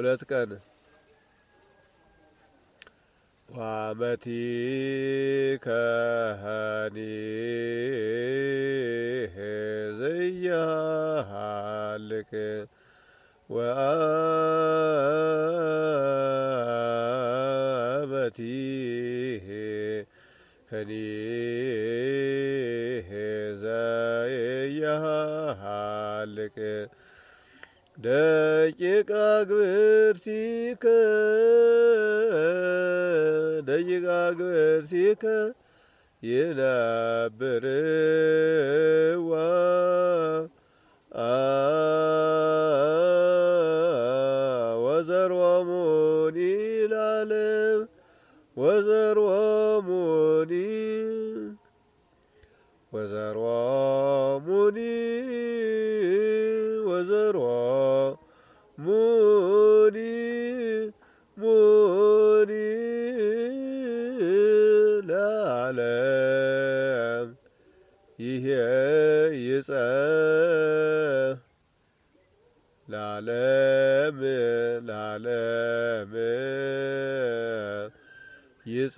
ሁለት ቀን ዋመቲ ከሃኒ ዘያሃልክ ወአመቲ ከኒ ዘያሃልክ ደቂቃ ግብርቲከ ደቂቃ ግብርቲከ ይነብርዋ ወዘሮሙን ይላለም ወዘሮሙኒ ወዘሮሙኒ ወዘሮ ሙኒ ሙኒ ለዓለም ይሄ ይጸ ለዓለም ለዓለም ይጸ